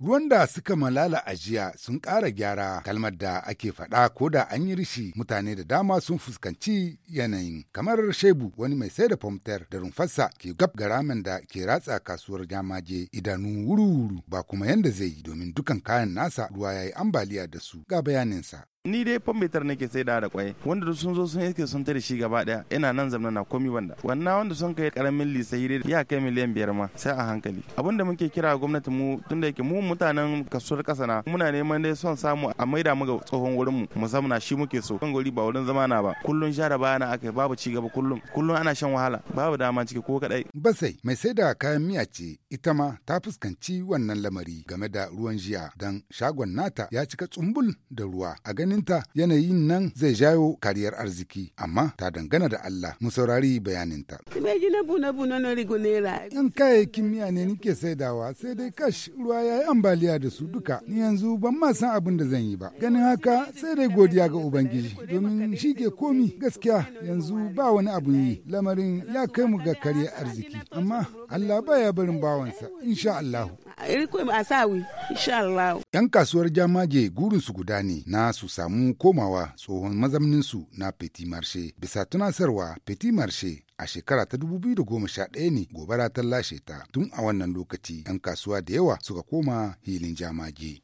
Ruwan da suka malala a jiya sun ƙara gyara kalmar da ake faɗa ko da an yi rishi mutane da dama sun fuskanci yanayin kamar shebu wani mai sai da fomtar da rumfarsa ke gab da ke ratsa kasuwar jamaje idanu wuru-wuru ba kuma yanda zai yi domin dukan kayan nasa ruwa ya yi ambaliya da su ga bayaninsa. ni dai fan nake sai da da kwai wanda sun zo sun yake sun tare shi gaba daya ina nan zamna na komi wanda wannan wanda sun kai karamin lisai dai ya kai miliyan biyar ma sai a hankali abin da muke kira gwamnati mu tunda yake mu mutanen kasuwar kasa na muna neman dai son samu a maida mu ga tsohon wurin mu mu zamna shi muke so kan gori ba wurin zama na ba kullun share bayana akai babu ci gaba kullun kullun ana shan wahala babu dama ciki ko kadai basai mai sai da kayan miya ce ita ma ta fuskanci wannan lamari game da ruwan jiya dan shagon nata ya cika tsumbul da ruwa a ganin ganinta yanayin nan zai jayo kariyar arziki amma ta dangana da Allah mu saurari bayaninta. Yan kayayyakin miya ne nike saidawa sai dai kash ruwa ya yi ambaliya da su duka ni yanzu ban ma san abin da zan yi ba. Ganin haka sai dai godiya ga Ubangiji domin shi ke komi gaskiya yanzu ba wani abun yi lamarin ya kai mu ga kariyar arziki amma Allah baya barin bawansa insha Allahu. Allah. Yan kasuwar jamage gurinsu guda ne na su samu komawa tsohon mazamninsu na Petit Marché. Bisa tunasarwa Petit Marché a shekara ta 2011 ne gobara ta lashe ta tun a wannan lokaci 'yan kasuwa da yawa suka koma hilin jamage.